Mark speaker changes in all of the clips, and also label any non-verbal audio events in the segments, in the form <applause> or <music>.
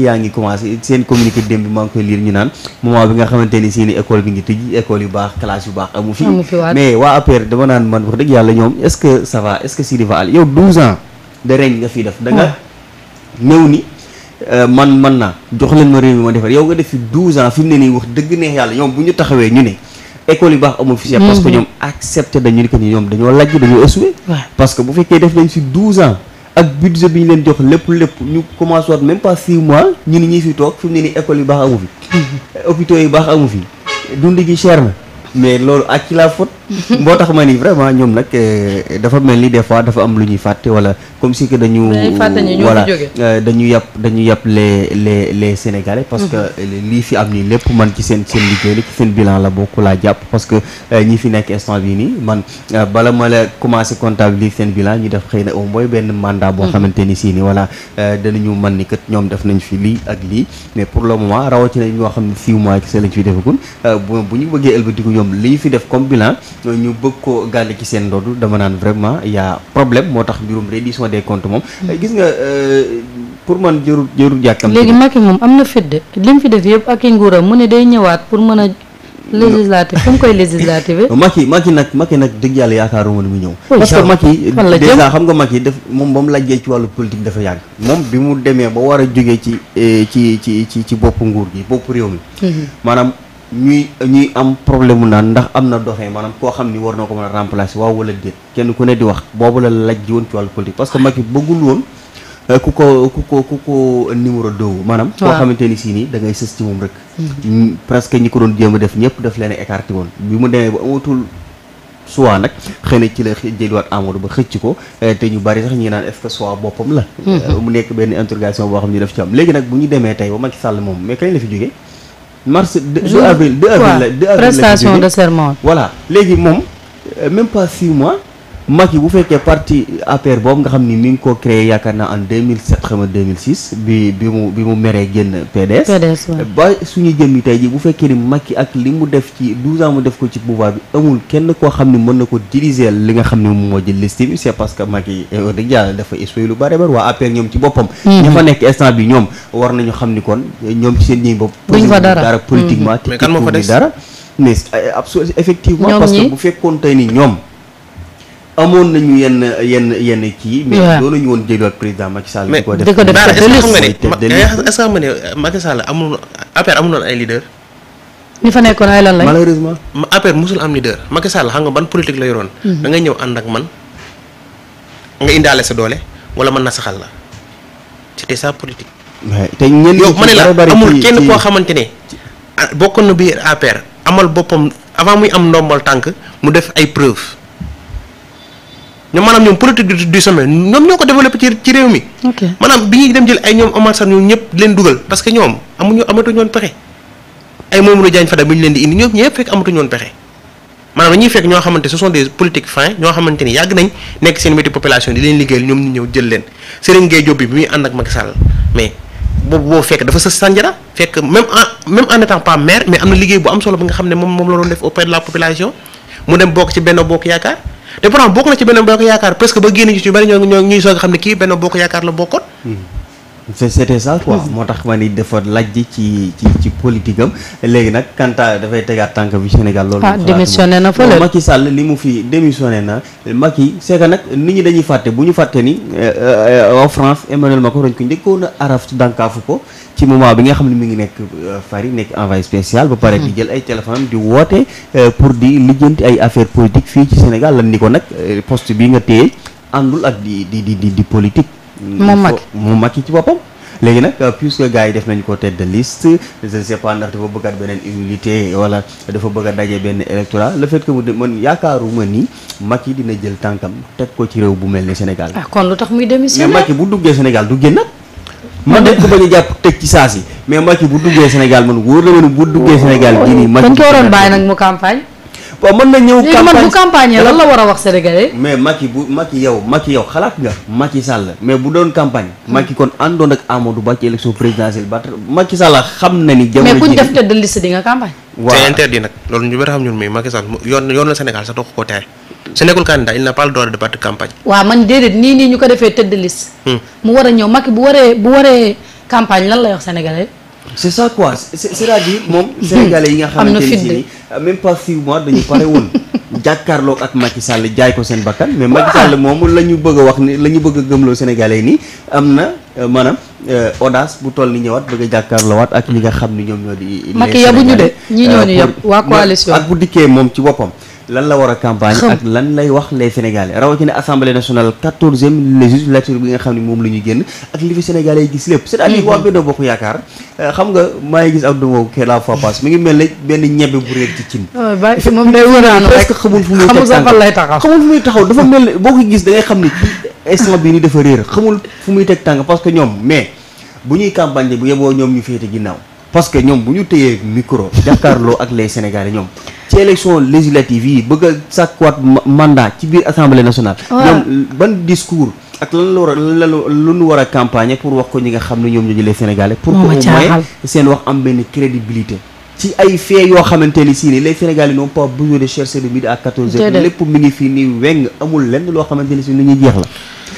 Speaker 1: yaa ngi commencé seen communiqué démb bi maa ngi koy lire naan moment bi nga xamante ni seen i école bi ngi tëj école yu baax classe yu baax amu fi mais waa APR dama naan man wax dëgg yàlla ñoom def da nga ñëw ni euh, man man naa jox leen ma réew mi ma defar yow nga def fi 12 ans fi mu wax dëgg neex yàlla ñoom bu ñu taxawee ñu ne école yu baax amul fi mhm. parce que ñoom accepté dañu ni ñoom dañoo lajj dañoo assumer parce que bu fekkee def nañ fi 12 ak budget bi ñu leen jox lépp lépp ñu commencé waat même pas six mois ñu ni ñuy fi toog fi mu nii école yu baax amu fi <laughs> hôpitaux yu baax amu fi dund gi cher na mais loolu ak ci la faute <laughs> boo tax ma ni vraiment ñoom nag euh, dafa mel ni des fois dafa am lu ñuy fàtte wala comme si que dañu voilà euh, dañu yàpp dañu yàpp les les les sénégalais parce que mm-hmm. lii fi am nii lépp man ci seen seen liggéey la ci seen bilan la bokk laa jàpp parce que euh, ñi fi nekk instant bii nii man bala ma la commencé comptabiliser seen bilan ñu def xëy na au moins benn mandat boo mm-hmm. xamante ni si ni voilà danañu man ni kat ñoom def nañ fi lii ak lii mais pour le moment rawatina ñoo xam ne six mois kese lañ fi defagul bu ñoom li ñu fi def comme bilan ñu bëgg koo gàlle ci seen ndoodu dama naan vraiment y a problème moo tax mbirum reddition des comptes moom mm-hmm. euh, gis nga euh, pour man jërul jërul jàkkam léegi Macky moom am na fit de li mu fi def yëpp ak i nguuram mu ne day ñëwaat pour mën a législative fu mu koy législative <laughs> Macky Macky nag Macky nag dëgg yàlla yaakaaruma ni mu ñëw parce que Macky dèjà xam nga Macky def moom ba mu lajjee ci wàllu politique dafa yàgg moom bi mu demee ba war a jógee ci euh, ci ci ci ci bopp nguur gi bopp réew mi mm-hmm. maanaam ñuy ñuy am problème mu naan ndax am na doxee maanaam koo xam ni war na ko mën a remplacer waaw wala déet kenn ku ne di wax boobu la laj ji woon ci wàllu que Macky bëggul woon euh, ku ko ku ko ku numéro deux maanaam koo xamante ni si nii da ngay sës moom rek mm-hmm. presque ñi ko doon jéem a def ñëpp daf leen écarté woon bi mu demee ba amatul soit nag xëy na ci la jëliwaat Amadou Ba xëcc ko euh, te ñu bari sax ñi naan est-ce boppam la mm-hmm. euh, mu nekk benn interrogation boo xam ne daf ci am léegi nag bu ñu demee tey ba Macky Sall moom mais kañ la fi jógee mars 2 avril 2 avril la 2 avril la prestation de serment voilà léegi moom euh, même pas 6 mois Macky bu fekkee parti APR boobu nga xam ni mi ngi ko créé yaakaar naa en 2007 xam nga 2006 bi bi mu bi mu meree génn PDS. ba suñu jëm yi tey jii bu fekkee ni Macky ak li mu def ci 12 ans mu def ko ci pouvoir bi amul kenn koo xam ni mën na ko diriger li nga xam ne moom moo jël liste c'est parce que Macky euh, wax dëgg yàlla dafa essuyer lu bare bare waa APR ñoom ci boppam. Mm-hmm. nekk instant bi ñoom war nañu ni kon ñoom ci seen ñi bopp. duñ fa dara dara mm-hmm. politiquement. mais kan moo dara mais euh, absolu effectivement. parce que bu fekkoon tey ni ñoom. amoon nañu yenn yenn yenn kii. mais doon nañu woon jël ak président Macky Sall. di ko def di ko def ay leader. ñi fa nekkoon ay lan lañ. malheureusement
Speaker 2: APR mosul am leader xam nga ban politique la yoroon. Mhm. da ngay ñëw ànd ak man nga indaale sa doole wala man nasaxal la c'était politique.
Speaker 1: te ñenn yow amul
Speaker 2: xamante ne ah, bokkoon na biir APR amal boppam avant muy am ndombal tànk mu def ay preuve ñoom maanaam ñoom politique du sommet ñoom ñoo ko développé ci ci réew mi. ok bi ñuy dem jël ay ñoom Omar Sarr ñoom ñëpp leen dugal parce que ñoom amuñu amatuñu woon pexe ay Mamadou Diagne ñu leen di indi ñoom ñëpp fekk amatuñu woon pexe fekk ñoo xamante ce sont des politiques fins xamante ni yàgg nañ nekk seen métier population di leen liggéeyal ñoom ñu ñëw jël leen Serigne Gueye Diop bi muy ànd ak Macky mais boobu boo fekk dafa sës fekk même en même en étant pas maire mais na am ne moom moom la doon def auprès de la population mu dem bokk ci benn bokk yaakaar te pourtant bokk na ci benn boo ko yaakaar presque ba génn ci ñu bari ñoo ñuy soog a xam ne kii benn boo ko yaakaar la bokkoon.
Speaker 1: Hmm. Hmm. moo tax ma ni dafa lajj ci ci politique am léegi nag Kanta dafay tegaat tànk bi Sénégal loolu ah démissionné na fële Macky Sall li mu fi démissionné na Macky c'est que nag nit ñi dañuy fàtte bu ñu fàtte ni euh, euh, euh, en France Emmanuel Macron dañ ko njëkkoon a araf dànkaafu ko ci moment bi nga xam ne mi ngi nekk fari nekk envoyé spécial ba pare di hmm. jël ay téléphone di woote pour di lijjanti ay affaire politiques fii ci Sénégal lan ni ko nag poste bi nga téye àndul ak di di di di politique moom Macky moom Macky ci boppam léegi nag euh, puisque gars yi def nañ ko tête de liste je ne sais pas ndax dafa bëggaat beneen humilité wala dafa bëgg a daje benn électorat le fait que mu man yaakaaruma ni Macky dina jël tànkam teg ko ci réew bu mel ni Sénégal. Ah, kon lu tax muy démissionné mais Macky bu duggee Sénégal du génn. man dañ ko bañ a jàpp teg ci saa si mais Macky bu duggee Sénégal man wóor na ma ni bu duggee Sénégal gii nii. Macky dañ ko waroon bàyyi nag mu campagne. waaw mën na ñëw campagne bu campagne lan la war a wax sénégalais mais Macky bu Macky yow Macky yow xalaat nga Macky Sall mais bu doon campagne Macky kon àndoon ak Amadou Ba ci élection présidentielle xam na ni jamono mais bu ñu def tête de campagne waaw c'est interdit nag loolu ñu bëri xam
Speaker 2: ñun mais Macky Sall yoon yoon na Sénégal sax doog ko tere su nekkul candidat il n'a pas le droit de campagne
Speaker 1: waaw man déedéet nii nii ñu ko defee tête de hmm. mu war a ñëw Macky bu waree bu waree campagne lan la wax sénégalais c'est ça quoi c'est-à-dire moom hmm. sénégalais yi nga xamante ni si ni même pas six mois dañu pare woon <laughs> jàkkaarloog ak Macky Sall jaay ko seen bakkan mais Macky Sall moom la ñu bëgg a wax ni la ñu bëgg a gëmloo sénégalais yi nii am na euh, maanaam euh, audace bu toll ni ñëwaat bëgg a jàkkaarloowaat ak ñi nga xam ni ñoom ñoo di Macky yabuñu de ñi ñoo ñu euh, yab waa coalition ak bu dikkee moom ci boppam lan la war a campagne ak lan lay wax les sénégalais rawatina assemblée nationale quatorzième législature bi nga xam ne moom la ñu génn ak li fi sénégalais yi gis lépp c'est-à-dire waa Benno Bokk Yaakaar euh, nga maa ngi gis Abdou Mbow ke la mi ngi mel ne benn ñebe bu réer ci cin ba moom day xamul fu muy taxaw dafa mel ne boo ko gis da ngay xam ne instant bii ni dafa réer xamul fu muy teg tànk parce que ñoom mais bu ñuy campagne bu yeboo ñoom ñu féete ginnaaw parce que ñoom bu ñu téyee micro jàkkaarloo ak les sénégalais ñoom ci élection législative yi bëgg a sàkkuwaat mandat ci biir assemblée nationale. ñoom ban discours. ak lan la war a lan lu nu war a campagne pour wax ko ñi nga xam ne ñoom ñoo les sénégalais. pour que au moins seen wax am benn crédibilité. ci ay fee yoo xamante ni si nii les sénégalais n'ont pas besoin de chercher le midi à 14h. lépp mi ngi fii nii weng amul lenn loo xamante ni si lu ñuy jeex la.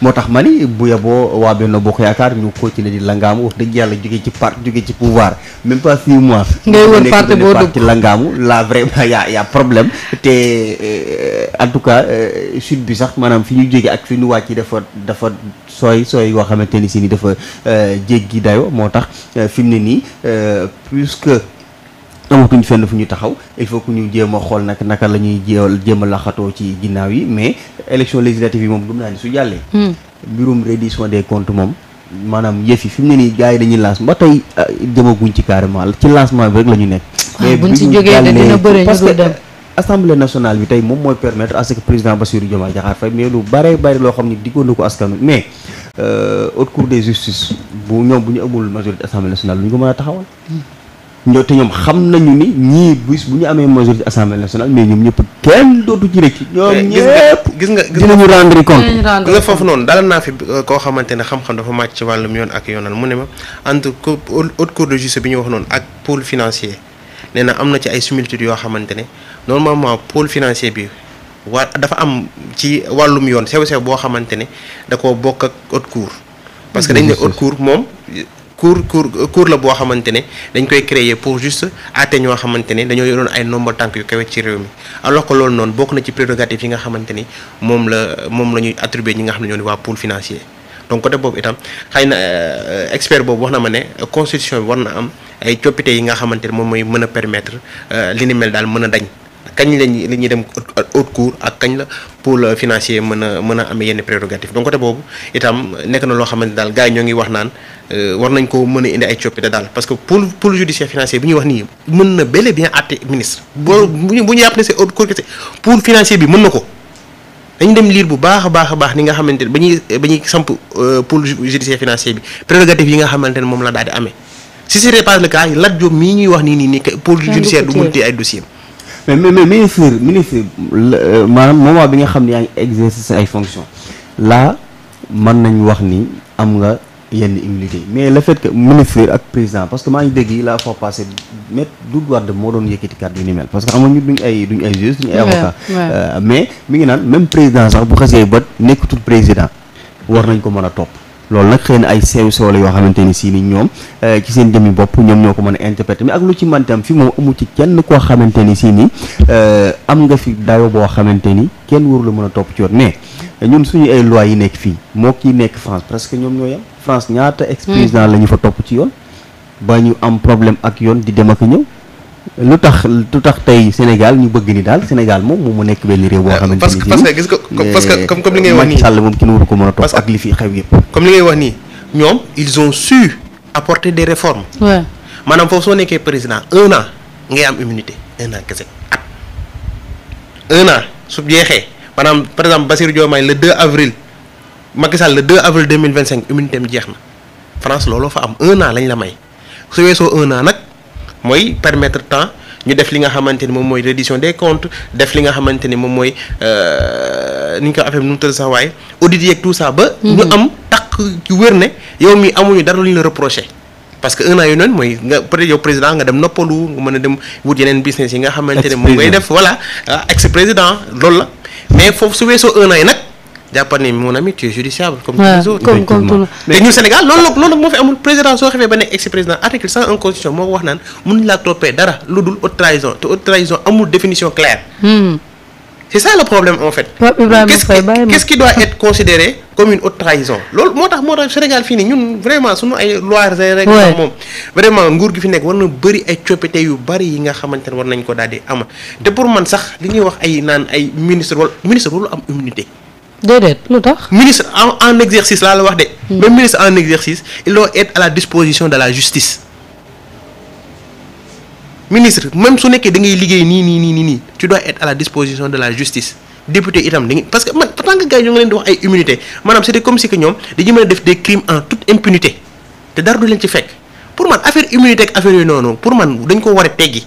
Speaker 1: moo tax ma ni bu yeboo waa Benno Bokk Yaakaar ñu continuer di langaamu wax dëgg yàlla jóge ci parti jóge ci pouvoir même pas six mois. ngay wër parti boo dugg ci langaamu la vraiment y'a y'a problème te euh, en tout cas euh, sud bi sax maanaam fi ñu jóge ak fi ñu wàcc dafa dafa sooy sooy yoo xamante ni si ni dafa euh, jéggi dayo moo tax fi mu ne nii plus que. amatuñ fenn fu ñu taxaw il faut que ñu jéem a xool nag naka la ñuy jéem a laxatoo ci ginnaaw yi mais élection législative yi moom gëm naa ni su jàllee. Hmm. mbirum reddition des comptes moom. maanaam yëf yi fi mu ne nii gars yi dañuy lance ba tey demaguñ ah, ci carrément ci lancement bi rek la ñu nekk. Ah, mais buñ ci jógee dina bëre parce que assemblée nationale bi tey moom mooy permettre à ce que président Bassirou Diomaye Diakhar loo xam ne diggoon na ko askan wi mais euh, haute cour de bu ñu amul majorité assemblée nationale lu ñu ko mën a taxawal. Hmm. ñoo te ñoom xam nañu ni ñii bis bu ñu amee majorité assemblée nationale mais ñoom ñëpp kenn dootu ci rëcc. ñoom eh, ñëpp gis nga gis nga dinañu rendre compte. gis nga
Speaker 2: foofu noonu dalal naa fi euh, koo xamante ne xam-xam dafa màcc ci wàllum yoon ak yoonal mu ne ma entre haute cour de justice bi ñu wax noonu ak pôle financier nee na am na ci ay similitudes yoo xamante ne normalement pôle financier bi. waa dafa am ci wàllum yoon sew sew boo xamante ne da koo bokk ak haute cour. parce que dañ ne haute cour moom cours cours cours la boo xamante ne dañ koy créer pour juste aate ñoo xamante ne dañoo yoroon ay nombre tànk yu kawe ci réew mi alors que loolu noonu bokk na ci prérogative yi nga xamante ni moom la moom la ñuy attribuer ñi nga xam ne ñoo di waa pool financier donc côté boobu itam xëy na euh, expert boobu wax na ma ne constitution bi war na am ay coppite yi nga xamante ne moom mooy mën a permettre euh, li ni mel daal mën a dañ kañ lañ la ñuy dem haute cour ak kañ la pôle financier mën a mën a amee yenn prérogative donc côté boobu itam nekk na loo xamante daal gars yi ñoo ngi wax naan euh, war nañ ko mën a indi daal parce que pôle pôle judiciaire financier bi ñuy wax nii mën na bel et bien àtte ministre boo bu ñu yàpp ne c'est haute cour kese financier bi mën na ko dañu dem liir bu baax a baax a baax ni nga xamante ne ba ñuy ba ñuy samp euh, pôle judiciaire financier bi prérogative yi nga xamante ne moom la daal di amee si ce n'est pas le cas Lat mii ñuy wax nii nii nii pôle judiciaire du ay dossier
Speaker 1: mais mais mais ministre ministre euh, maanaam moment bi nga xam ne yaa ngi exercer ay fonction là mën nañ wax ni am nga yenn immunité mais le fait que ministre ak président parce que maa ngi dégg yi la fois passée met du Wade moo doon yëkkati kàddu yu ni mel parce que amoon ñu duñ ay duñ ay juge euh, mais mi ngi naan même président sax bu xasee ba nekkatul président war nañ ko mën a topp loolu nag xëy na ay sew sew la yoo xamante ni sii ni ñoom eh, ci seen jëmmi bopp ñoom ñoo ko mën a interpréter mais ak lu ci mantam fi moom amu ci kenn koo xamante ni si ni eh, am nga fi dayo boo xamante ni kenn warul mën a topp ci yoon mais ñun suñu ay loi yi nekk fii moo kii nekk France presque ñoom ñoo yem France ñaata ex président hmm. la ñu fa topp ci yoon ba ñu am problème ak yoon di dem ak ñëw lu tax lu tax tey Sénégal ñu bëgg ni daal Sénégal moom moom mu nekk benn réew boo ah, xamante parce que parce que que comme li ngay wax nii a topp ak li fi xew yëpp
Speaker 2: comme ñoom ils ont su apporter des réformes maanaam foofu soo nekkee président un an ngay am immunité un an su jeexee maanaam par exemple Bassirou Diomaye le 2 avril Macky Sall le 2 avril 2025 immunité am jeex na France looloo fa am un an lañ la may su nag mooy permettre temps ñu def li nga xamante ni moom mooy reddition des comptes def li nga xamante ni moom mooy euh, ni ñu ko affaire bi nu mu tëdd sax waaye audit yeeg tout ça ba. ñu mhm. am takk ci wér ne yow mi amuñu dara lu ñu la parce que un an yu noonu mooy nga peut-être président nga dem noppalu nga mën a dem wut yeneen business yi nga xamante ne moom ngay def voilà ah, ex président loolu la mais foofu su weesoo un yi nag. jàppal ni mon ami tu es judiciable comme Sénégal loolu la moo fi amul président soo xefee ba nekk ex président article 101 constitution moo ko wax naan mun laa toppee dara lu dul haute trahison te haute trahison amul définition claire hmm. c'est ça le problème en fait qu'est-ce doit être considéré comme une trahison loolu moo tax moo tax Sénégal fii nii ñun vraiment suñu ay lois ay règles moom vraiment nguur gi fi nekk war na bëri ay coppite yu bëri yi nga xamante ne war nañ ko daal di ama pour man sax li ñuy wax ay naan ay ministre wala ministre wala am immunité déedéet lu tax. ministre en en exercice laa la wax de. même ministre en exercice il doit être à la disposition de la justice. ministre même su nekkee da ngay liggéey nii nii nii nii nii tu à la disposition de la justice député itam da ngay parce que man tant que gars yi ñu ngi leen di wax ay immunité maanaam c'était comme si que ñoom dañu mën a def des crimes en toute impunité te dara du leen ci fekk pour man
Speaker 1: affaire immunité ak affaire yooyu noonu pour man dañ ko war teggi